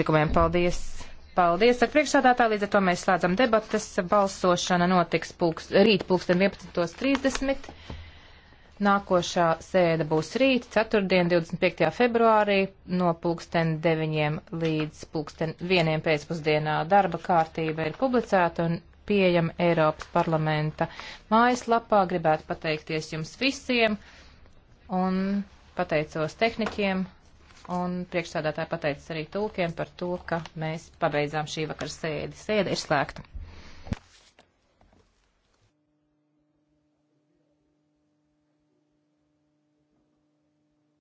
priekšlikumiem. Paldies! Paldies ar priekšsādātā, līdz ar to mēs slēdzam debatas. Balsošana notiks pulks, rīt pulksten 11.30. Nākošā sēde būs rīt, ceturtdien, 25. februārī, no pulksten 9 līdz pulksten 1 pēcpusdienā. Darba kārtība ir publicēta un pieejama Eiropas parlamenta mājaslapā. Gribētu pateikties jums visiem un pateicos tehniķiem, Un priekšstādātāji pateicis arī tulkiem par to, ka mēs pabeidzām šī vakara sēdi. Sēde ir slēgta.